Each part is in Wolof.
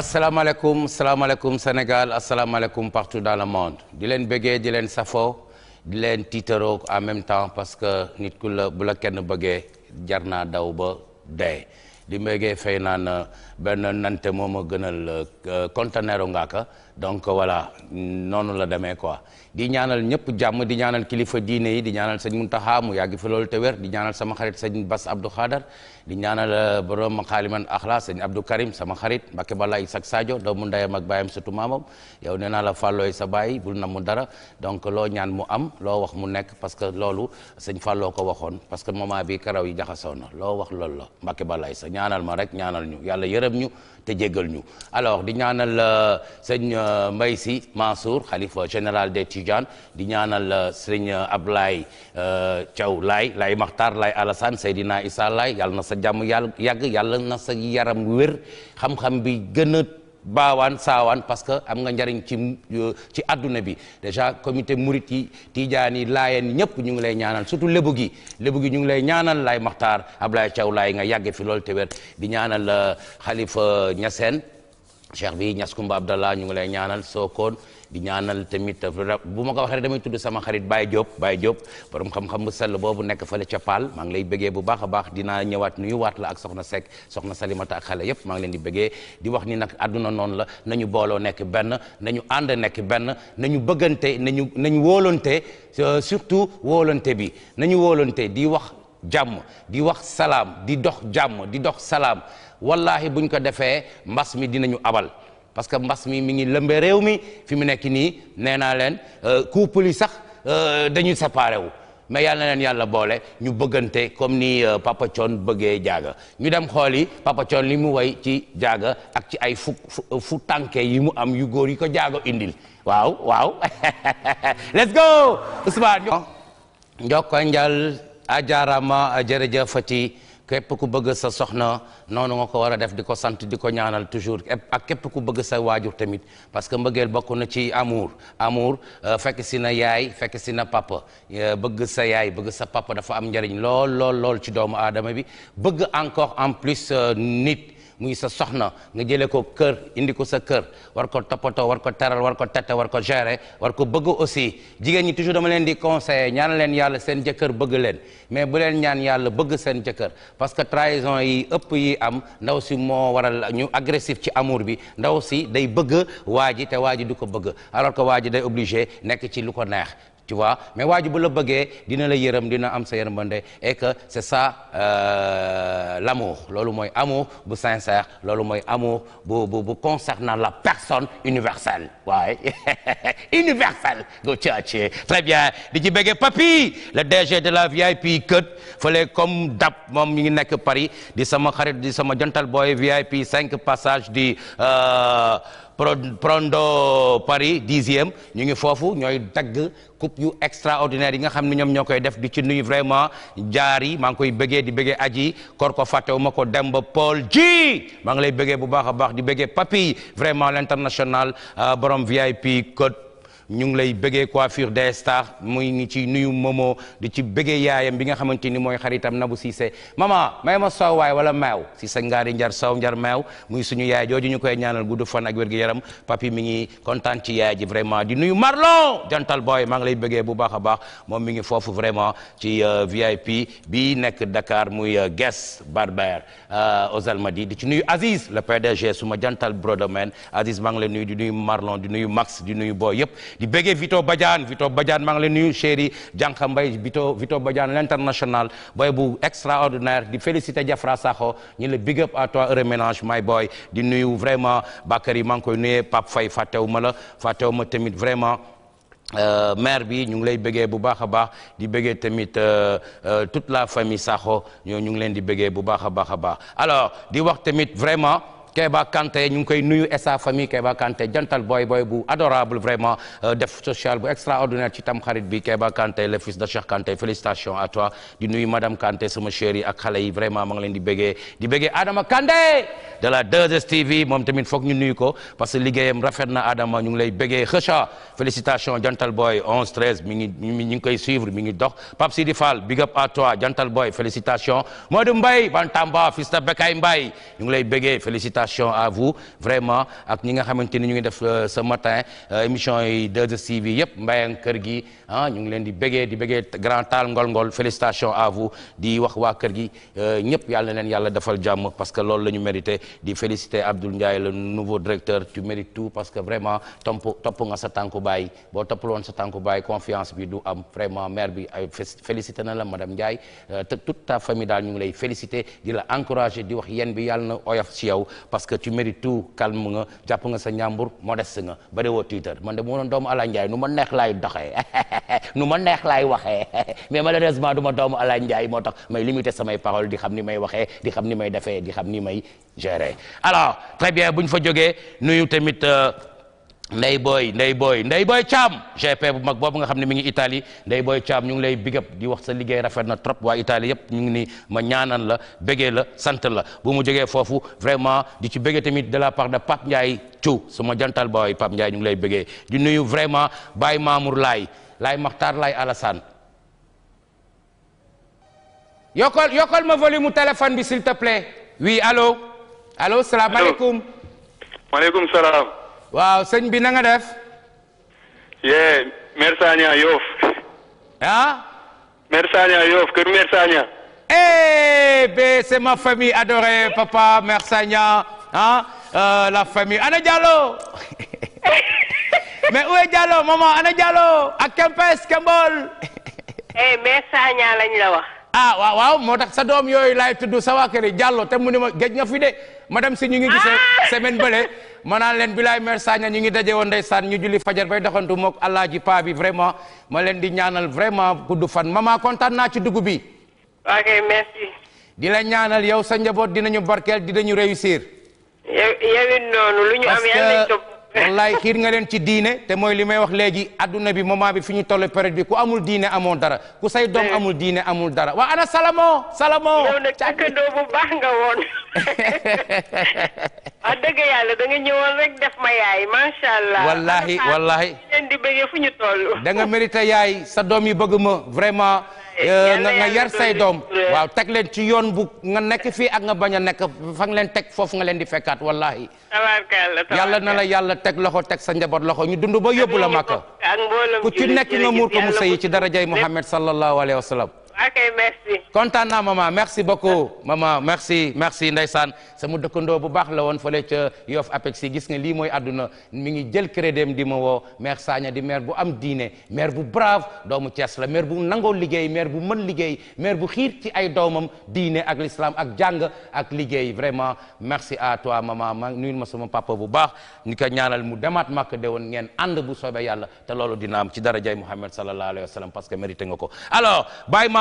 asalaamaaleykum salaamaaleykum Sénégal asalaamaaleykum partout dans le monde di leen bëggee di leen safoo di leen tiitaroo en même temps parce que nit ku la bu la kenn bëggee jar naa daw ba dee di mbéggee fay naan euh, benn nante moom a gënal euh, conteneur ngaaka donc voilà noonu la demee quoi di ñaanal ñëpp jàmm di ñaanal kilifa diine yi di ñaanal sëñ Muntaxa mu yàgg fi loolu te wér di ñaanal sama xarit sañ Bass Abdou Khadar di ñaanal euh, borom xaaliman axla sëñ Abdou Karim sama xarit Mbacke Balla Isaac Sadio doomu ndeyam ak baayam surtout maamam yow nee naa la fàllooy sa baay bul na mu dara donc loo ñaan mu am loo wax mu nekk parce que loolu sëñ fàlloo ko waxoon parce que moment bi karaw yi jaxasoo na loo wax loolu la ba Balla sa ñaanal ma rek ñaanal ñu yàlla yërëm ñu te jegal ñu alors di ñaanal euh, sëñ euh, Mbaye Sy Mansour xalifa général de Tidianes di ñaanal ab euh, euh, Ablaye euh, Thiaw Laye Laye Makhtar Laye Alassane Seydina Issa Laye yàlla na sa jàmm yàlla yàgg yàlla na sa yaram wér xam-xam bi gën baawan baawaan parce que am nga njariñ ci ci adduna bi déjà comité murit yi tijaan yi laayeen ñëpp ñu ngi lay ñaanal surtout lébu gi lébu gi ñu ngi lay ñaanal laay maxtaar Ablaye Thiaw laay nga yàgge fi loolu te di ñaanal xalifa Ñaseen cheikh bi Niass Koumba Abdallah ñu ngi lay ñaanal Sokone di ñaanal tamit bu ma ko waxee rek damay tudd sama xarit Baye Diop Baye Diop borom xam-xam bu sell boobu nekk fële ca Paal maa ngi lay bëggee bu baax a baax dinaa ñëwaat nuyuwaat la ak soxna Seck soxna Salimata ak xale yépp maa ngi leen di bëggee di wax ni nag àdduna noonu la na ñu booloo nekk benn na nañu ànd nekk benn ñu bëggante nañu nañu wóolante surtout wóolante bi na ñu wóolante di wax jàmm di wax salaam di dox jàmm di dox salaam wallaahi buñ ko defee mbas mi dinañu abal parce que mbas mi mi ngi lëmbe réew mi fi mu nekk nii nee naa leen euh, couple yi sax euh, dañuy séparé wu mais yal leen yàlla boole ñu bëggante comme ni euh, Papa Thion bëggee jaaga ñu dem xool yi Papa Thion li mu way ci jaaga ak ci ay fu fu tànke yi mu am yu góor yi ko jaaga indil waaw waaw let's go Ousmane. Ah. njoko njal ajarama jërëjëfati képp ku bëgg sa soxna noonu nga ko war a def di ko sant di ko ñaanal toujours ak képp ku bëgg sa waajur tamit parce que mbëggeel bokk na ci amour amour euh, fekk si na yaay fekk si na papa euh, bëgg sa yaay bëgg sa papa dafa am njariñ lool lool lool ci doomu aadama bi bëgg encore en plus euh, nit muy sa soxna nga jëlee ko kër indi ko sa kër war ko toppatoo war ko teral war ko tette war ko gérer war ko bëgg aussi jigéen ñi toujours dama leen di conseiller ñaan leen yàlla seen jëkkër bëgg leen mais bu leen ñaan yàlla bëgg seen jëkkër parce que trahison yi ëpp yi am ndaw si moo waral ñu agressif ci amour bi ndaw si day bëgg waa ji te waa ji du ko bëgg alors que waa ji day obligé nekk ci lu ko naax tu vois mais waa ji la bëggee dina la yërëm dina am sa yërmande et que c'est ça euh, l'amour loolu mooy amour bu sincère loolu mooy amour bu bu bu concernant la personne universelle waaye universelle go caace très bien di ci bëggee papi le DG de la VIP kët fële comme dab moom ñu ngi nekk Paris di sama xarit di sama jantal booy VIP cinq passages di euh, pro Prondo Paris dixième ñu ngi foofu ñooy dagg coupe yu extraordinaire yi nga xam ne ñoom ñoo koy def di ci nuyu vraiment jaar yi maa ngi koy bëggee di bëggee aji kor ko fàttewu ko Demba Paul ji maa ngi lay bëggee bu baax a baax di bëggee papi vraiment l' international euh, borom VIP code ñu ngi lay bëggee coiffure des stars muy ngi ci nuyu momo di ci bëggee yaayam bi nga xamante ni mooy xaritam na Nabou Cissé mama may ma soow waay wala meew si sa ngaari njar soow njar meew muy suñu yaay jooju ñu koy ñaanal gudd fan ak wér gu yaram papi mi ngi kontaan ci yaay ji vraiment di nuyu Marlon jantal boy maa ngi lay bëggee bu baax a baax moom mi ngi foofu vraiment ci euh, VIP bi nekk Dakar muy euh, Guest Barber euh, aux Almadies di ci nuyu Aziz le PDG suma jantal brodoman Aziz maa ngi lay nuyu di nuyu Marlon di nuyu Max di nuyu boy yëpp di béggee Vito Badiane Vito Badiane maa ngi lay nuyu chéri Janka Mbaye Vito Vito Badiane l'international boy bu extraordinaire di félicité Diafra Sakho ñi la big up à toi heureux ménage my boy di nuyu vraiment Bakary maa ngi koy nuyee Pape Faye fàttewu ma la fàttewu ma tamit vraiment euh, maire bi ñu ngi lay bëggee bu baax a baax di bëggee tamit euh, euh, toute la famille Sakho ñoo ñu ngi leen di bëggee bu baax a baax a baax alors di wax tamit vraiment Keba a ñu ngi koy jantal boy boy bu adorable vraiment euh, def social bu extraordinaire ci tam xarit bi Keba Kanté le fils de Cheikh Kanté félicitations à toi di nuyu madame Kanté sama chérie ak xale vraiment ma di béggee Adama Kandé de la 2STV moom tamit ñu nuyu ko parce que rafet na Adama ñu lay béggee xëcha félicitations jantal boy 11 13 mi ngi ñu ngi koy big up à toi jantal boy félicitations Modou Mbaye Bantamba fils de Bekay Mbaye félicitations à vous vraiment ak ñi nga xamante ni ñu ngi def euh, ce matin euh, émission yi 2STV yëpp mbayang kër gi ah ñu ngi leen di bëggee di bëggee grand taal ngool ngol félicitations à di wax waa kër gi euh, ñëpp yàlla na leen yàlla defal jàmm parce que loolu la ñu mérité di féliciter Abdoul Ndiaye la nouveau directeur tu parce que vraiment topp topp nga sa tànku baay boo toppul woon sa tànku baay confiance bi du am vraiment maire bi ay félicité na la madame Ndiaye euh, te toute ta famille daal ñu ngi lay féliciter di la encourager di wax yéen bi yàlla na oyof ci yow parce que tu mérites tout calme nga jàpp nga sa ñàmbur modeste nga bari woo Twitter man de mu doon doomu Alla Ndiaye nu neex laay doxee nu ma neex laay waxee mais malheureusement du ma doomu Alaaji Ndiaye moo tax may limité samay parole di xam ni may waxee di xam ni may defee di xam ni may gérer alors très bu ñu fa jógee nuyu tamit Ndey euh, Boy Ndey Boy Ndey Boy Thiam GP bu mag boobu nga xam ne mi ngi Italie Ndey Boy Thiam ñu ngi lay big up wax sa liggéey rafet na trop waa Italie yëpp ñu ngi nii ma ñaanan la bëggee la sant la bu mu jógee foofu vraiment di ci bëggee tamit de la part de Pape Ndiaye Thiou sama jantal booy Pape Ndiaye ñu ngi lay bëggee di nuyu vraiment Baye Mamour Laye lay maxtaar laay Alassane yokkal ma volume mu téléphone bi s'il te plaît oui allo allo salaamaaleykum maaleykum salaam waaw sëñ bi na nga def yee Mère Sagna Yoff ah eh, ma famille adorée papa Mère euh, la famille Ana mais où est Diallo maman ana Diallo ak Kempes Kembol. eh mais Saña lañ la wax. a ah, waaw moo tax sa doom yooyu laay tudd sa waa kër te mu ne ma géej nga fi de madame si ñu ngi gisee ah! semaine bële ma naan leen bilaay mère Saña ñu ngi daje woon saan ñu juli fajar bay doxantu mook alaaji paa bi vraiment ma leen di ñaanal vraiment gudd fan maman kontaan naa ci dugub bi. ok merci. di la ñaanal yow sa njaboot dinañu barkeel dinañu réussir. yow it noonu lu ñu am yàlla nañ topp wallaay xiir nga leen ci diine te mooy li may léegi adduna bi moment bi fi ñu toll période bi ku amul diine amoo dara ku say doom amul diine amul dara waa ana Salamo Salamo. yow nag doo nga woon wax dëgg yàlla da nga ñëwoon rek def ma yaay macha di bëggee fu ñu toll. da nga mérité yaay sa doom yi bëgg ma vraiment. Eh, euh, nga nga yar say doom waaw teg leen ci yoon bu nga nekk fii ak nga bañ a nekk fa nga leen teg foofu nga leen di fekkaat wallaahi. yàlla na la yàlla teg loxo teg sa njaboot loxo ñu dund ba yóbbu la Makka ku ci nekk nga muur ko mu sëyi ci darajay Muhammad sallallahu alayhi wa ok merci. kontaan naa maman merci beaucoup maman merci merci ndeysaan sama dëkkandoo bu baax la woon fële ca Yoff gis nga lii mooy àdduna mi ngi jël crédit di ma woo maire Sagna di maire bu am diine maire bu brave doomu Thiès la maire bu nangoo liggéey maire bu mën liggéey maire bu xiir ci ay doomam diine ak l'islam ak jàng ak liggéey vraiment merci à toi maman ma ma sama papa bu baax ni ko ñaanal mu demaat makk de woon ngeen ànd bu soobee yàlla te loolu dina am ci darajay Muhammad sallallahu alayhi wa sallam parce que mérité nga ko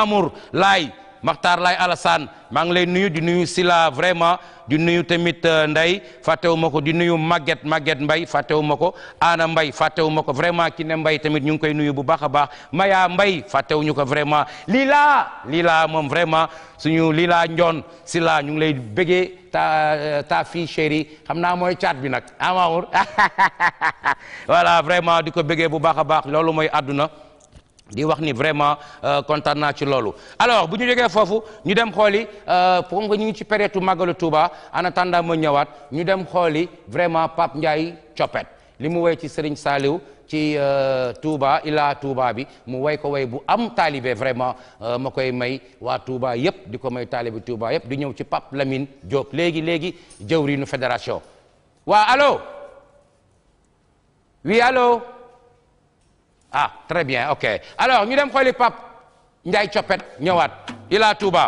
Mamour Laay Maxtaar Laay Alassane maa ngi lay nuyu di nuyu Sila vraiment di nuyu tamit euh, Ndey fàttewuma ko di nuyu Maguette Maguette Mbay fàttewuma ko Ana Mbay fàttewuma ko vraiment ki ne Mbay tamit ñu ngi koy nuyu bu baax a baax Maya Mbay fàttewuñu ko vraiment Lila Lila moom vraiment suñu Lila Njoon Sila ñu ngi lay bëggee ta euh, ta fille chérie xam naa mooy caat bi nag amaamur voilà vraiment di ko bëggee bu baax a baax loolu mooy àdduna di wax ni vraiment euh, kontaan naa ci loolu alo bu ñu jógee foofu ñu dem xooli comme euh, ñu ngi ci période màggalu Touba en attendant ma ñëwaat ñu dem xooli vraiment Pape Ndiaye coppet li mu woy ci Serigne saaliw ci euh, Touba ila Touba bi mu woy ko woy bu am taalibe vraiment ma koy may waa Touba yépp di ko may taalibe Touba yépp di ñëw ci Pape Lamine Diop léegi léegi jëwriñu fédération waa allo oui allo ah très bien ok alors ñu dem xooli Pape Ndiaye Coppet ñëwaat Ila Touba.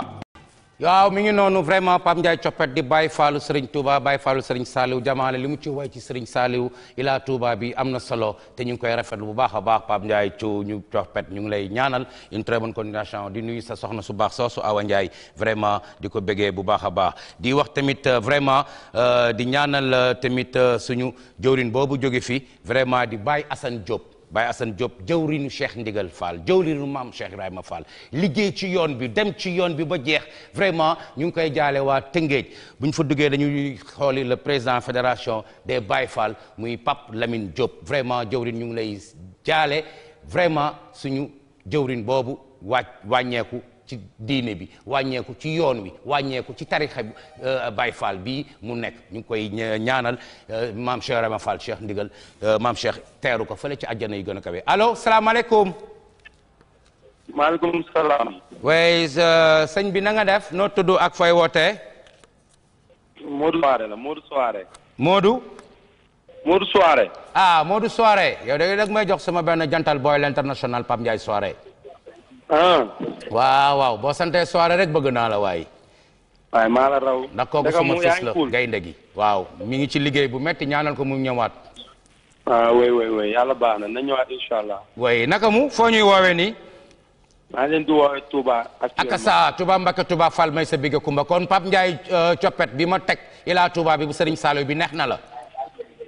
waaw mi ngi noonu vraiment Pape Ndiaye Coppet di Baye Fallou Serigne Touba Baye Fallou Serigne Saliou jamaale li mu ci way ci Serigne Saliou Ila Touba bi am na solo te ñu ngi koy rafetlu bu baax a baax Pape Ndiaye Thiaw ñu Coppet ñu ngi lay ñaanal une très bonne di nuyu sa soxna su baax soosu Awa Ndiaye vraiment di ko bëggee bu baax a baax di wax tamit euh, vraiment euh, di ñaanal euh, tamit suñu jëwrin boobu jóge fi vraiment di Baye Assane Diop. baay Assane Diop jëwrinu Cheikh Ndigal Fall jëwriñu maam Cheikh Ibrahima Fall liggéey ci yoon bi dem ci yoon bi ba jeex vraiment ñu ngi koy jaale waa Tëngéej bu ñu fa duggee dañuy xooli la président fédération des Baye Fall muy pap Lamine Diop vraiment jëwrin ñu ngi lay jaale vraiment suñu jëwrin boobu wàcc wàññeeku. ci diine bi wàññeeku ci yoon wi wàññeeku ci tarixa bi euh, Baye Fall bii mu nekk ñu ngi koy ñaanal euh, maam Cheikh Rama Fall Cheikh Ndigal euh, maam Cheikh teeru ko fële ci àjjana yi gën a kawe allo salaamaaleykum. maaleykum salaam. bi na nga def noo tudd ak fooy wootee. Modou Soare la Modou Soare. Ah, yow da nga may jox sama benn jantal boy l'international Pape Ndiaye Soare. ah. waaw waaw boo santee soirée rek bëgg naa la waay. waaye maa la raw. ndax kooku suma fës la gaynde gi waaw mu ngi ci liggéey bu metti ñaanal ko mu ñëwaat. ah oui oui oui baax na na ñëwaat incha allah. waaye naka mu foo ñuy woowee nii. maa ngi leen di woowee Touba. ak sa Touba Mbacke Touba Fall may sa bigga Kumba kon Pape Ndiaye coppet bi ma teg ilaa Touba bi bu Serigne Saloy bi neex na la.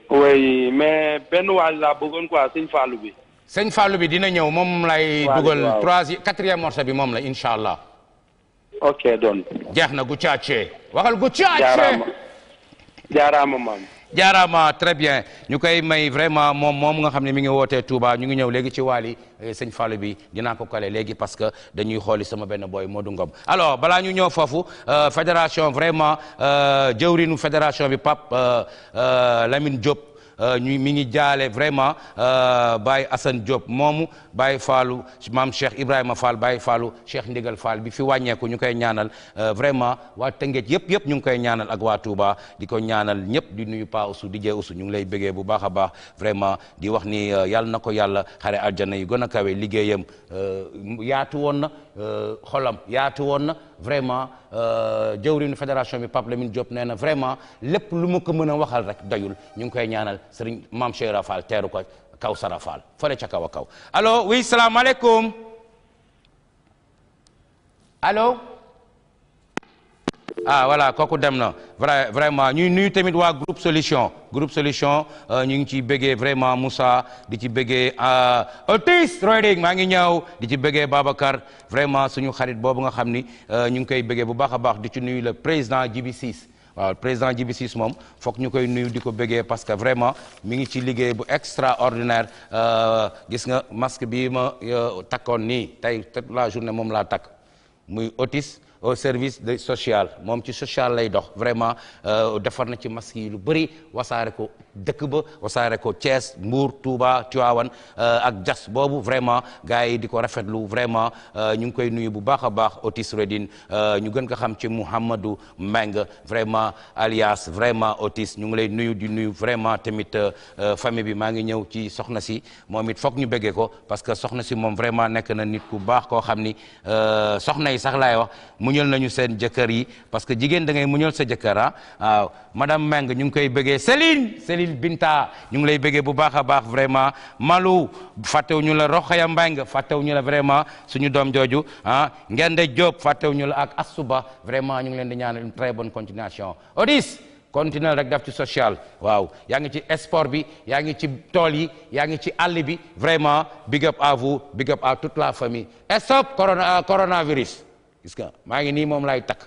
oui mais benn waay laa bëggoon quoi Serigne Fallou bi. sëñ Fallou bi dina ñëw moom lay. dugal troisième quatrième morceau bi moom la incha allah. ok doon. jeex na gu caacee. waxal gu caacee jaaraama jaaraama maam. jaaraama très bien ñu koy may vraiment moom moom nga xam ne mi ngi wootee Touba ñu ngi ñëw léegi ci waali eh, sëñ Fallou bi dinaa ko kale léegi parce que dañuy xooli sama benn boy Modou Ngom alors balaa ñu ñëw foofu euh, fédération vraiment euh, jëwrinu fédération bi Pape euh, Lamine Diop. Euh, ñu mi ngi jaale vraiment euh, Baye Assane Diop moomu Baye Fallou maam Cheikh Ibrahima Fall Baye Fallou Cheikh Ndigal Fall bi fi wàññeeku ñu koy ñaanal euh, vraiment waa Tëngéej yëpp yëpp ñu ngi koy ñaanal ak waa Touba di ko ñaanal ñëpp di nuyu Pa Usu di jee Usu ñu ngi lay bëggee bu baax a baax vraiment di wax ni yàlla na ko yàlla xare aljana yi gën a kawe liggéeyam yaatu woon na xolam yaatu woon na. vraiment euh, jëwriñu fédération bi Pape Lamine Diop nee na vraiment lépp lu ma ko mën a waxal rek doyul ñu ngi koy ñaanal sëriñ Mame Cheikh Rafal teeru ko kaw Sara Fall fële ca kaw a kaw allo oui salaamaaleykum ah voilà kooku dem na vrai vraiment ñuy nuyu tamit waa groupe solution group solution euh, ñu ngi ci bëggee vraiment Moussa di ci bëggee euh, Otis Royding maa ngi ñaaw di ci bëggee Babacar vraiment suñu xarit boobu nga xam ni euh, ñu ngi koy bëggee bu baax a baax di ci nuyu la président Djibi Ciss waaw président Djibi Ciss moom foog ñu koy nuyu di ko bëggee parce que vraiment mi ngi ci liggéey bu extraordinaire gis nga masque bi ma takkoon ni tey toute la journée moom laa takk. muy Otis au service de social moom ci social lay dox vraiment euh, defar na ci masque yi lu bëri wasaare ko dëkk ba wasaare ko Thiès Mbour Touba Tivaouane euh, ak jas boobu vraiment gars yi di ko rafetlu vraiment euh, ñu ngi koy nuyu bu baax a baax Otis Redin ñu gën ko xam ci Mouhamadou Meng vraiment alias vraiment Otis ñu ngi lay nuyu di nuyu vraiment tamit famille bi maa ngi ñëw ci soxna si moom it foog ñu bëggee ko parce que soxna si moom vraiment nekk na nit ku baax koo xam ni soxna yi sax laay wax muñal nañu seen jëkkër yi parce que jigéen da ngay muñal sa jëkkër ah waaw madame Meng ñu ngi koy bëggee Céline Céline Binta ñu ngi lay bëggee bu baax a baax vraiment Malou fàttewu ñu la Rokhaya Mbengue fàttewu ñu la vraiment suñu doom jooju ah da Diop fàttewu ñu la ak Asuba vraiment ñu ngi leen di ñaanal une très bonne continuation Odis continuer rek daf ci social waaw yaa ngi ci sport bi yaa ngi ci tool yi yaa ngi ci àll bi vraiment big up à vous la famille gis maa ngi nii moom laay takk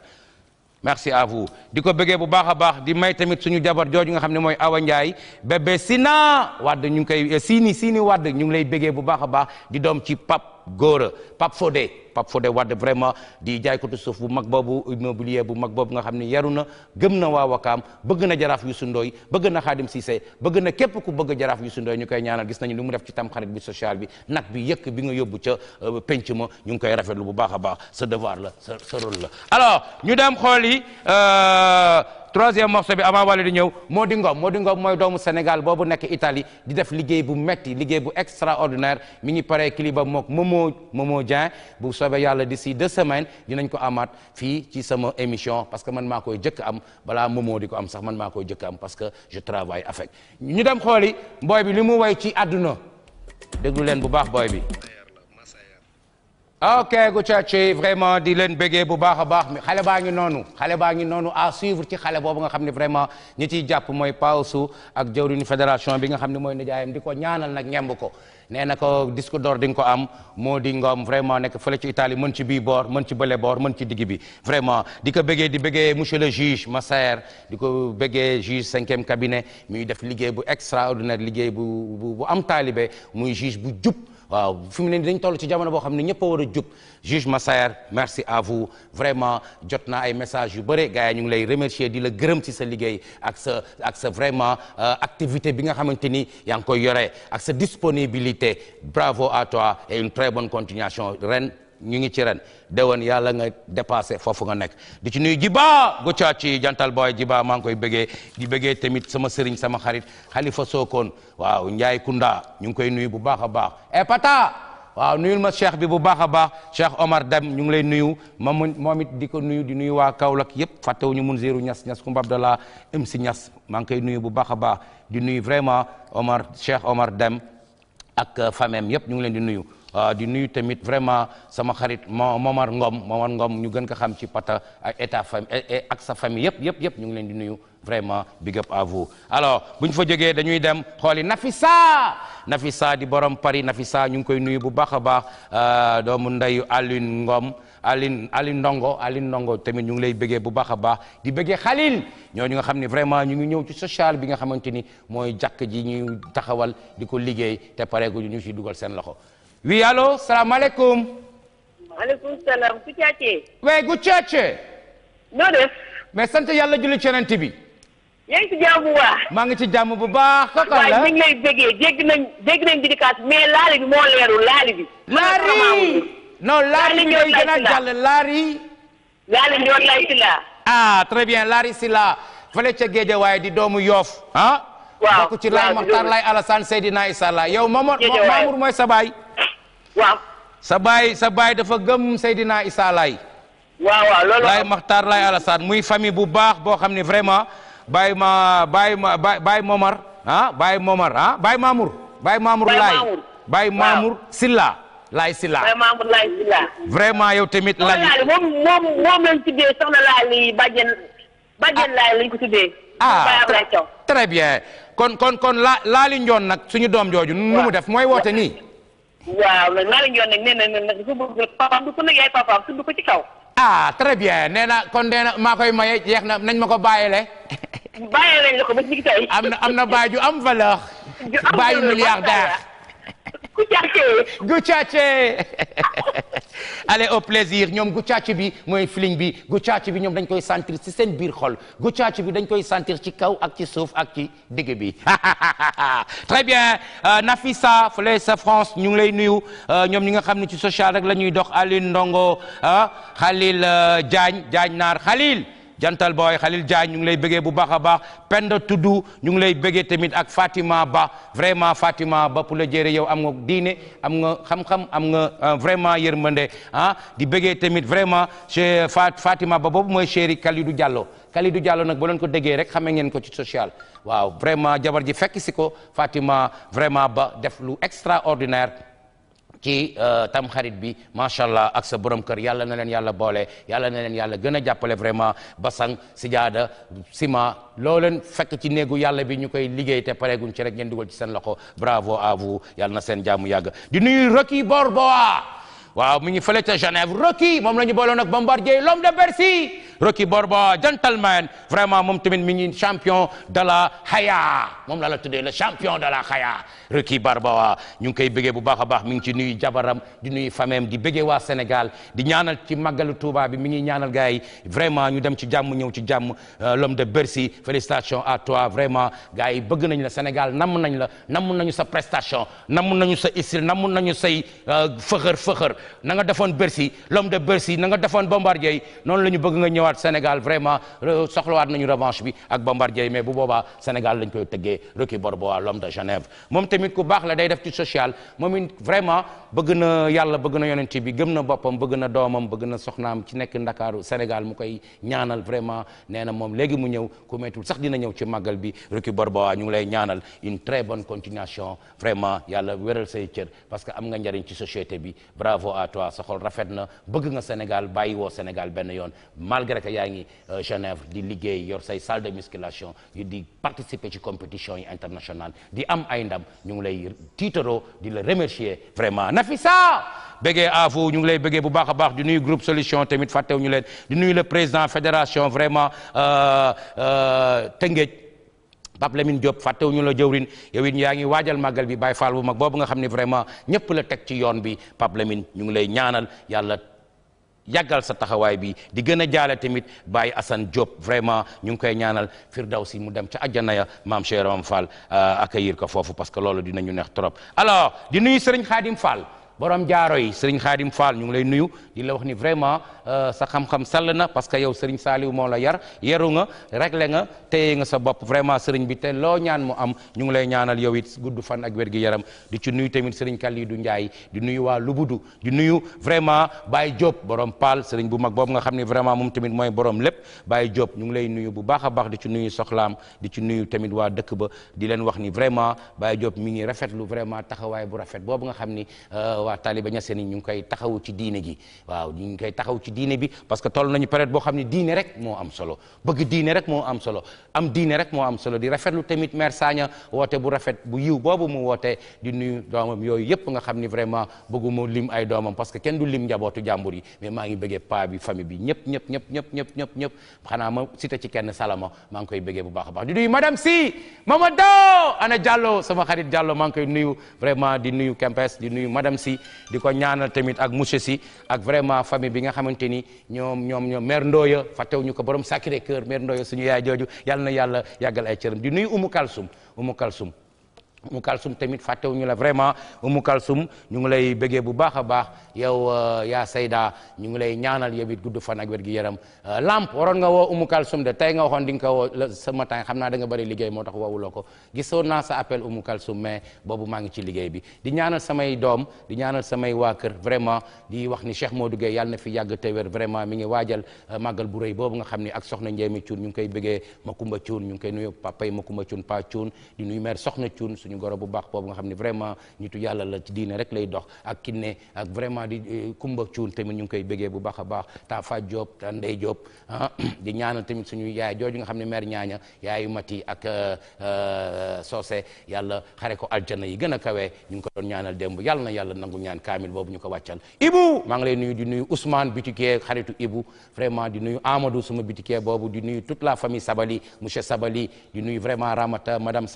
merci à vous di ko bëggee bu baax a baax di may tamit suñu jabar jooju nga xam ne mooy Awa Ndiaye bébé Sina Wade ñu ngi koy eh, siini Sini Wade ñu ngi lay bëggee bu baax a baax di doom ci pap góora Pape Fodé Pape Fodé Wade vraiment di jaaykatu suuf bu mag boobu immobilier bu mag boobu nga xam ni yaru na gëm na waa Wakaam bëgg na jaraaf Youssou Ndoye bëgg na Khadim Cissé bëgg na képp ku bëgg jaraaf Youssou Ndoye ñu koy ñaanal gis nañu lu mu def ci tamxarit bi social bi nag bi yëkk bi nga yóbbu ca euh, penc ma ñu ngi koy rafetlu bu baax a baax sa devoir la sa sa la alors ñu dem xool euh, troisième morceau bi avant wala di ñëw Mody Ngom Mody Ngom mooy doomu Sénégal boobu nekk Italie di def liggéey bu metti liggéey bu extraordinaire mi ngi paree clip ba mook Momo Momo Dieng bu soobee yàlla di d'ici deux semaines dinañ ko amaat fii ci sama émission parce que man maa koy jëkk am balaa Momo di ko am sax man maa koy jëkk am parce que je travaille avec ñu dem xooli mbooy bi li mu way ci àdduna déglu leen bu baax booy bi ok Gucci vraiment di leen bëggee bu baax a baax mi xale baa ngi noonu xale baa ngi noonu à suivre ci xale boobu nga xam ne vraiment ñi ciy jàpp mooy Paosu ak jawriñu fédération bi nga xam ne mooy nijaayam di ko ñaanal nag ñemb ko nee na ko disque door di nga ko am moo di ngoom vraiment nekk fële ci Italie mën ci bii boor mën ci bële boor mën ci digg bi vraiment di ko bëggee di bëggee monsieur le juge Massaer di ko bëggee juge cinquième cabinet muy def liggéey bu extraordinaire liggéey bu bu am taalibe muy juge bu jub waaw fi mu ne toll ci jamono boo xam ne ñëpp a war a jub juge Massaer merci à vous vraiment jot na ay messages yu bëre gars yi ñu ngi lay remercier di la gërëm ci sa liggéey ak sa ak sa vraiment euh, activité bi nga xamante ni yaa ngi koy yore ak sa disponibilité bravo à toi et une très bonne continuation ren. ñu ngi ci ren dewen yàlla nga dépassé foofu nga nekk di ci nuyu jibaa guccaa ci jantal booy jibaa maa ngi koy bëggee di bëggee tamit sama sëriñ sama xarit xalifa sookoon waaw njaay kunda ñu ngi koy nuyu bu baax a baax e pata waaw nuyul ma cheikh bi bu baax a baax cheikh omar dem ñu ngi lay nuyu moom moom it di ko nuyu di nuyu waa kaolack yëpp ñu mun ziru ñas ñas kumba abdallah m si ñas maa ngi koy nuyu bu baax a baax di nuyu vraiment omar cheikh omar dem ak famem yëpp ñu ngi leen di nuyu Ah, di nuyu tamit vraiment sama xarit Momar Ngom Momar ngoom ñu gën ko xam ci pata ak état famille eh, eh, ak sa famille yëpp yëpp yëpp ñu ngi leen di nuyu vraiment big up à bu ñu fa jógee dañuy dem xooli Nafisa Nafisa di borom Paris Nafisa ñu ngi koy nuyu bu baax a baax ah, doomu ndeyu Aline Ngom Aline Aline Ndongo allin Ndongo tamit ñu ngi lay bëggee bu baax a baax di bëggee Xalil ñooñu nga xam ni vraiment ñu ngi ñëw ci social bi nga xamante ni mooy jàkk ji ñuy taxawal di ko liggéey te pareeguñu ñu ci dugal seen loxo. Oui, allô, salam alaikum. Aleykum salaam ku càccee. waaye gu càccee. sant yàlla julli cenanti bi. yaa maa ngi ci jàmm bu baax. kooku la waaye mi ngi lay dégg nañ dégg nañ dédicace mais bi moo leerul laali bi. laari non laari bi gën a jàll laari. laali njoon lay si laa. laari si ah, laa fële ca géeje waaye di doomu yoof ah. waaw bokk ci laay Maxtaar laay Alassane Seydina Issa la yow Mamour Mamour mooy sa baay. sa baay sa baay dafa gëm Seydina Issa Laay waaw waaw loolu Maxtaar Laay Alassane muy famille bu baax boo xam ne vraiment Baye ma Baye ma Baye Momar ah Baye Momar ah Baye Mamour Baye Mamour Laay Baye Mamour Silla Laay Silla vraiment yow tamit Lali moom moom moom tuddee soxna ah. ah, bien kon kon kon la Laali Njoon nag suñu doom jooju nu mu def mooy woote nii waaw ne nag dafa ko ko ci kaw. ah très bien nee na kon nee maa koy maye jeex na nañ ma ko bàyyile. bàyyile nañ la ko ba am na am na baay ju am valeur. ju am valeur baayu milliardaire. gu Guccace allez au plaisir ñoom Guccace bi mooy feeling bi Guccace bi ñoom dañ koy sentir si seen biir xol Guccace bi dañ koy sentir ci kaw ak ci suuf ak ci digg bi très bien euh, Nafisa fële sa France ñu ngi lay nuyu euh, ñoom ñi nga xam ne ci social rek la ñuy dox Aline Ndongo ah Khalil jaañ euh, Diagne Naar Khalil. jantal booy Khalil Diagne ñu ngi lay bëggee bu baax a baax Penda Tuddu ñu ngi lay bëggee tamit ak Fatima Ba vraiment Fatima Ba pour la jëre yow am nga diine am nga xam-xam am nga euh, vraiment yërmande ah di bëggee tamit vraiment chez Fatima Ba boobu mooy chéri Kalidou Diallo Kalidou Diallo nag ba leen ko déggee rek xamee ngeen ko ci social waaw vraiment jabar ji fekk si ko Fatima vraiment ba def lu extraordinaire ci euh, tamxarit bi macha allah ak sa borom kër yàlla na leen yàlla boole yàlla na leen yàlla gën a jàppale vraiment basang sijaada sima loo leen fekk ci néegu yàlla bi ñu koy liggéey te pareeguñ ci rek ngeen dugal ci seen loxo bravo a vous yàlla na seen jaamu yàgg di nuyu Rocky Borboa waaw mi ngi fële ca Genève Rocky moom la ñu booloon ak Bombardier l'homme de Bercy Rocky Borboa gentleman vraiment moom tamit mi ngi champion de la haya moom la la tuddee le champion de la xaya Rocky Balboa ñu ngi koy bëggee bu baax a baax mi ngi ci nuyu jabaram di nuyu famem di bëggee waa Sénégal di ñaanal ci màggalu Touba bi mi ngi ñaanal gars yi vraiment ñu dem ci jàmm ñëw ci jàmm euh, l'homme de Bercy félicitations à toi vraiment gars yi bëgg nañ la Sénégal namm nañ la namm nañu sa prestation namm nañu sa istil namm nañu say euh, fëxër fëxër na nga defoon Bercy l'homme de Bercy na nga defoon Bombardier noonu la ñu bëgg nga ñëwaat Sénégal vraiment soxlawaat nañu revanche bi ak Bombardier mais bu boobaa Sénégal lañ koy tëggee tuddee Rocky Balboa l'homme de Genève moom tamit ku baax la day def ci social moom it vraiment bëgg na yàlla bëgg na yonent bi gëm na boppam bëgg na doomam bëgg na soxnaam ci nekk Ndakaaru Sénégal mu koy ñaanal vraiment nee na moom léegi mu ñëw ku mettul sax dina ñëw ci màggal bi Rocky Balboa ñu ngi lay ñaanal une très bonne continuation vraiment yàlla wéral say cër parce que am nga njëriñ ci société bi bravo a toi sa rafet na bëgg nga Sénégal bàyyi woo Sénégal benn yoon malgré que yaa ngi euh, Genève di liggéey yor say salle de compétition yi internationale di am ay ndam ñu ngi lay tiitaroo di la remercier vraiment Nafisa béggee à vous ñu ngi lay béggee bu baax a baax di nuy group solution tamit fàttewu ñu leen di nuyu le président fédération vraiment euh, euh, Tëngéej Pape Lamine Diop fàttewuñu la jëwrin yow it yaa ngi waajal màggal bi Baye Fall bu mag boobu nga xam ni vraiment ñëpp la teg ci yoon bi Pape Lamine ñu ngi lay ñaanal yàlla yàggal sa taxawaay bi di gën a jaale tamit Baye Assane Diop vraiment ñu ngi koy ñaanal Firdawsi mu dem ca àjjana ya maam Cheikh Ramam Fall euh, accueillir ko foofu parce que dina ñu neex trop alors di nuyu Serigne Khadim Fall. borom jaaro yi sëriñ Xaadim Fall ñu ngi lay nuyu di la wax ni vraiment euh, sa xam-xam sell na parce que yow sëriñ Saaliw moo la yar yeru nga réglé nga téye nga sa bopp vraiment sëriñ bi te loo ñaan mu am ñu ngi lay ñaanal yow it gudd fan ak wér gi yaram di ci nuyu tamit sëriñ du Ndiaye di nuyu waa Lubudu di nuyu vraiment Baye Diop borom Paal sëriñ bu mag boobu nga xam ne vraiment moom tamit mooy borom lépp Baye Diop ñu ngi lay nuyu bu baax a baax di ci nuyu soxlaam di ci nuyu tamit waa dëkk ba di leen wax ni vraiment Baye Diop mi ngi rafetlu vraiment taxawaay bu rafet boobu nga xam ni euh, waa taaliba ñaseen yi ñu ngi koy taxaw ci diine gi waaw ñu ngi koy taxaw ci bi parce que toll nañu période boo xam ne diine rek moo am solo bëgg diine rek moo am solo am diine rek moo am solo di rafetlu tamit maire Sagna woote bu rafet bu yiw boobu mu woote di nuyu doomam yooyu yëpp nga xam ni vraiment bëgguma lim ay doomam parce que kenn du lim njabootu jàmbur yi mais maa ngi bëggee paa bi bi ñëpp ñëpp ñëpp ñëpp xanaa ma cité ci kenn salama maa ngi koy bëggee bu baax a di ko ñaanal tamit ak monsieur si ak vraiment famille bi nga xamante ni ñoom ñoom ñoom mère Ndoya fàttewuñu ko borom Sacré Cœur mère Ndoya suñu yaay jooju yàlla na yàlla yàggal ay cëram di nuyu Umu Kalsum Umu Kalsum Umu Kalsum tamit fàttewuñu la vraiment Umu Kalsum ñu ngi lay bëggee bu baax a baax yow euh, yaa Sayda ñu ngi lay ñaanal yow it gudd fan ak wér gi yaram euh, lamp waroon nga woo Umu Kalsum de tey nga waxoon di nga ko woo ce matin xam naa danga nga liggéey moo tax woowuloo ko gisoon naa sa appel Umu Kalsum mais boobu maa ngi ci liggéey bi di ñaanal samay doom di ñaanal samay waa kër vraiment di wax ni Cheikh moo Gueye yàlla na fi yàgg te wér vraiment mi ngi waajal euh, màggal bu rëy boobu nga xam ni ak soxna Ndiémi Thioune ñu ngi koy bëggee Makumba Thioune ñu ngi koy nuyu papay Makumba Thioune pa suñu goro bu baax boobu nga xam ne vraiment nitu yàlla la ci diine rek lay dox ak kinne ak vraiment di kumba eh, cuun tamit ñu ngi koy bëggee bu baax a baax ta faj Diop ta Ndey Diop ah di ñaanal tamit suñu yaay jooju nga xam ne mère ñaaña yaayu mati ak eh, eh, soose yàlla xare ko aljana yi gën a kawee ñu ngi ko doon ñaanal démb yàlla na yàlla nangu ñaan kaamil boobu ñu ko wàccal ibu maa ngi lay nuyu di nuyu Ousmane butiquier xaritu ibu vraiment di nuyu Amadou suma butiquier boobu la famille Sabali monsieur Sabali di nuyu vraiment Ramata madame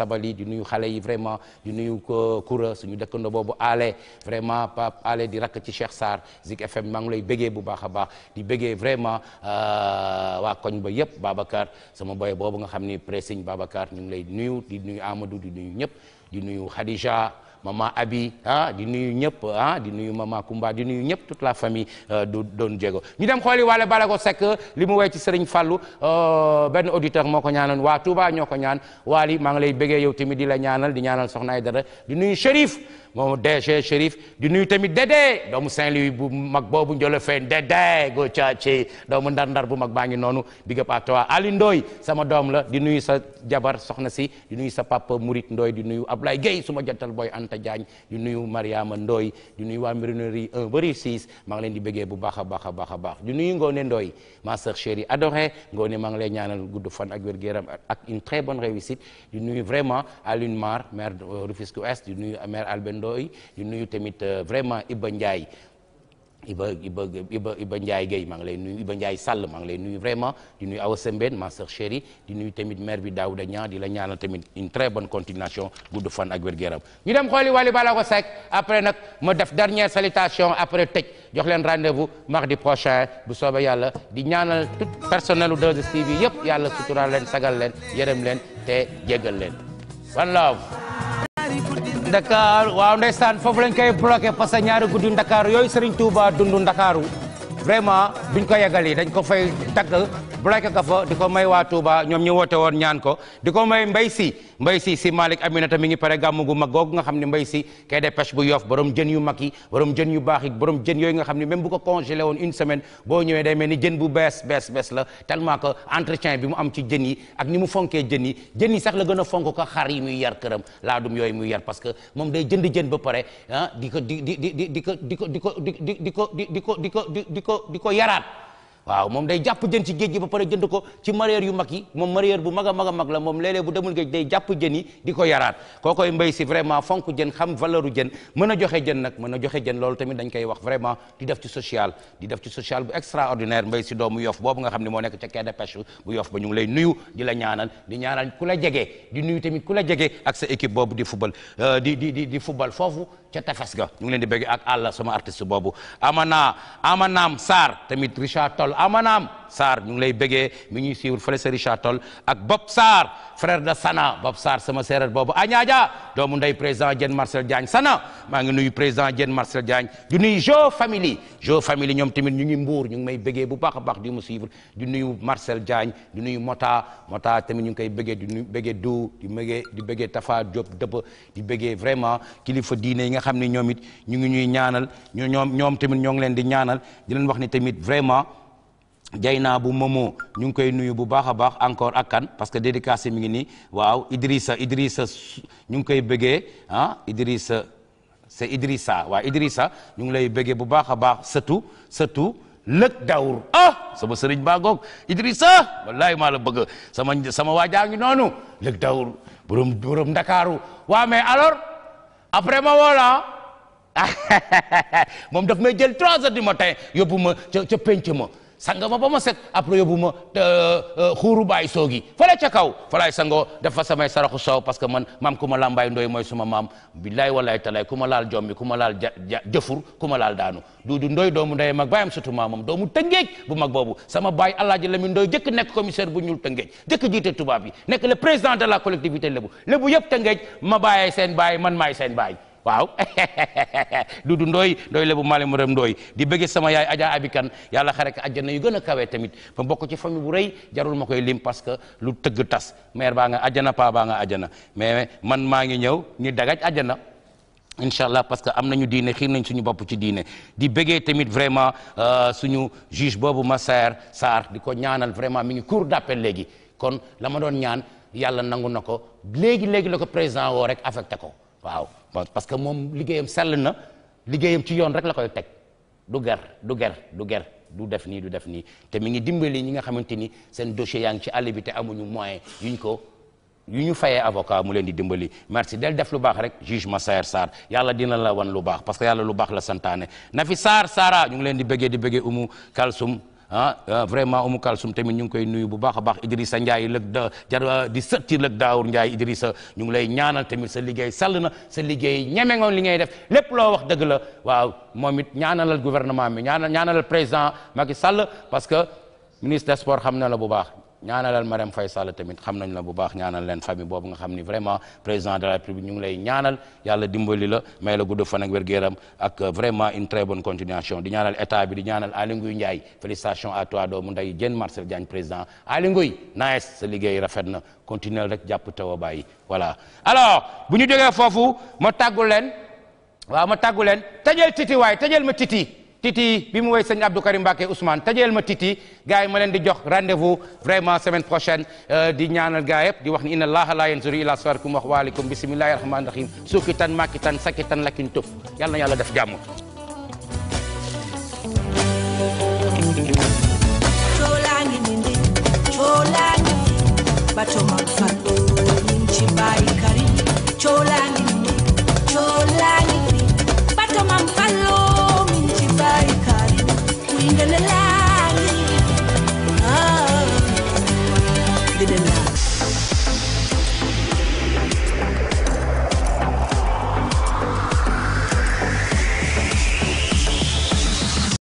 vraiment di nuyu ko Koura suñu dëkkandoo boobu ale vraiment Pape ale di rakk ci Cheikh sar Zik FM maa ngi lay bëggee bu baax a baax di bëggee vraiment euh, waa koñ ba yëpp Babacar sama boy boobu nga xam ni Pressing Babacar ñu ngi lay nuyu di nuyu Amadou di nuyu ñëpp di nuyu Khadija. maman Abi ah di nuyu ñëpp ah di nuyu maman Kumba di nuyu ñëpp toute la famille euh, du doon jéego ñu dem xooli Wally Ballago Seck li mu woy ci Serigne Fallou euh, benn auditeur moo ko ñaanoon waa tubaa ñoo ko ñaan Wally maa ngi lay bëggee yow tamit di la ñaanal di ñaanal Soxna dara di nuyu Chérif moom DG Chérif di nuyu tamit Dédé doomu Saint-Louis bu mag boobu Ndiolofène Dédé go caaci doomu ndar-ndar bu mag baa ngi noonu big up à toi Ali sama doom la di nuyu sa jabar soxna si di nuyu sa papa Mourid ndooy di nuyu Ablaye Gueye suma jantal booy Anta Diagne di nuyu Mariama Ndoy di nuyu waa Mérinerie 1 ba 6 maa ngi leen di bëggee bu baax a baax a baax a baax di nuyu Ngoné Ndoy ma sœur chérie adorée Ngoné maa ngi lay ñaanal gudd fan ak wér-gu-yaram ak une très Ndoye di nuyu tamit euh, vraiment Iba Ndiaye Iba Iba Iba Iba Ndiaye Guèye maa ngi lay nuyu Iba Ndiaye Sall maa ngi lay nuyu vraiment di nuyu Awa Sembène ma sœur chérie di nuyu tamit maire bi Daouda ñaa di la ñaanal tamit une très bonne continuation gudd fan ak wér-gu-yaram ñu dem xooli Wally ko Seck après nag ma def dernière salutation après tëj jox leen rendez-vous di prochain bu soobee yàlla di ñaanal tout personnel u stv yëpp yàlla suturaal leen sagal leen yërëm leen te jéggal leen Dakar waaw ndeysaan foofu lañ koy bloqué parce que ñaari guddi Dakar yooyu Serigne Touba dundu Ndakaaru vraiment duñ ko yegali dañ ko fay dagg bloqué ko fa di ko may waa Touba ñoom ñu woote woon ñaan ko di ko may mbay si mbay si si Malick Aminata mi ngi pare gàmmu gu mag googu nga xam ne mbay si kay de pêche bu yof borom jën yu mag yi borom jën yu baax yi borom jën yooyu nga xam ne même bu ko congelé woon une semaine boo ñëwee day mel ni jën bu bees bees bees la tellement que entretien bi mu am ci jën yi ak ni mu fonkee jën yi jën yi sax la gën a fonk ko xar yi muy yar këram laa dum yooyu muy yar parce que moom day jënd jën ba pare ah di ko di di di di ko di ko di ko di ko di ko di ko di ko di ko yaraat waaw moom day jàpp jën ci géej gi ba pare jënd ko ci mareyeur yu mag yi moom mareyeur bu mag a mag a mag la moom léeg-léeg bu demul géej day jàpp jën yi di ko yaraat kookoy mbay si vraiment fonk jën xam valeuru jën mën a joxe jën nag mën a joxe jën loolu tamit dañ koy wax vraiment di def ci social di def ci social bu extraordinaire mbay si doomu yof boobu nga xam ne moo nekk ca quai de pêche bu yof ba ñu lay nuyu di la ñaanal di ñaanal ku la jege di nuyu tamit ku la jege ak sa équipe boobu di euh, di di di foofu ca tefes ga ñu ngi leen di bëgg ak àlla amanaam Sarr ñu ngi lay bëggee mi ñuy suivre fële sa Richard Toll ak Bob Sarr frère de Sana Bob Sarr sama séeréer boobu añaaja doomu day président jenn Marcel Diagne Sana maa ngi nuyu président Diène Marcel Diagne du nuyu Jo Family Jo Family ñoom tamit ñu mbuur ñu ngi may bëggee bu baax a di mu suivre du nuyu Marcel Diagne du nuyu Mota Mota tamit ñu ngi koy bëggee di nuyu bëggee du di bëggee di bëggee Tafa Diop dëpp di bëggee vraiment kilifa diine yi nga xam ni ñoom it ñu ngi ñuy ñaanal ñu ñoom ñoom tamit ñoo ngi leen di ñaanal di leen wax ni tamit vraiment Jaynaa bu Momo ñu ngi koy nuyu bu baax a baax encore ak kan parce que dédicace mi ngi nii waaw Idrissa Idrissa ñu ngi koy bëggee ah Idrissa c'est Idrissa waaw Idrissa ñu ngi lay bëggee bu baax a baax sëtu sëtu lëg dawur ah sama sëriñ baa goog Idrissa wallahi maa la bëgg sama waa waajaa ngi noonu lëg dawur borom borom Ndakaaru waaw mais alors après ma woola ah, moom daf may jël trois heures du matin yóbbu ma ca ca penc ma sanga ma ba ma set après yóbbu ma xuuru baay soogi fala ca kaw falaay sangoo dafa samay saraxu soow parce que man maam ku ma lambaay ndoy mooy suma maam billaay walaay talaay ku ma laal jommi ku ma laal jëfur ku ma laal daanu duudu ndoy doomu ndey mag baayam surtout maamam doomu tëngeej bu mag boobu sama baay alaaji Lamin Ndoy jëkk nekk commissaire bu ñuul tëngeej jëkk jiite tubaab yi nekk le président de la collectivité lébu lébu yëpp tëngeej ma bàyyee seen baay man maay seen baay waaw du Ndoy Ndoy la bu Maali Maram Ndoy di bëgg sama yaay Adja Abikan yàlla xare ko àjjana yu gën a kawe tamit ba bokk ci famille bu rëy jarul ma koy lim parce que lu tëgg tas mère baa nga àjjana paa baa nga àjjana mais man maa ngi ñëw ni dagaj àjjana incha allah parce que am nañu diine xiir nañ suñu bopp ci diine di bëggee tamit vraiment euh, suñu juge boobu ma Massaer saar di ko ñaanal vraiment mi ngi cour d'appel léegi kon la ma doon ñaan yàlla nangu na ko léegi léegi la ko président rek affecté ko. waaw parce que moom liggéeyam sell na liggéeyam ci yoon rek la koy teg du ger du ger du ger du def nii du def nii te mi ngi dimbali ñi nga xamante ni seen dossier yaa ngi ci àll bi te amuñu moyen yuñ ko yu ñu fayee avocat mu leen di dimbali merci del def lu baax rek juge sar Sarr yàlla dina la wan lu baax parce que yàlla lu baax la santane Nafi Sarr Sara ñu leen di bëggee di bëggee umu kalsum Ah, ah vraiment Umu Kalsum tamit ñu ngi koy nuyu bu baax a baax Idrissa Ndiaye lëg da jar ah, di sët ci lëg Daawur Ndiaye Idrissa ñu ngi lay ñaanal tamit sa liggéey sàll na sa liggéey ñeme ngoon li ngay def lépp loo wax dëgg la waaw moom it ñaanalal gouvernement bi ñaanal ñaanalal président Macky Sall parce que ministre des sports xam na la bu baax ñaanalal Marème Faye Sall tamit xam nañ la bu baax ñaanal leen famille boobu nga xam ni vraiment président de la République ñaanal yàlla dimbali may la gudd fan ak ak vraiment une très continuation di ñaanal état bi di ñaanal Aly Ngouille Ndiaye félicitations doomu nday Diène Marcel Diagne président Aly Ngouille sa liggéey rafet na continuer rek jàpp taw a bàyyi voilà bu ñu jógee foofu ma tàggu leen ma tàggu leen titi waay titi bi mu woy sëñ Abdou Karim Mbacké Ousmane tëjeel titi gars yi ma leen di jox rendez-vous vraiment semaine prochaine euh, di ñaanal gars yëpp di wax ni inna allaha la yanzuru ila suwarikum wax waaleykum bismillahi rahmani rahim suukitan makitan sakitan lakin tub yàlla na yàlla def jàmm gonna lie.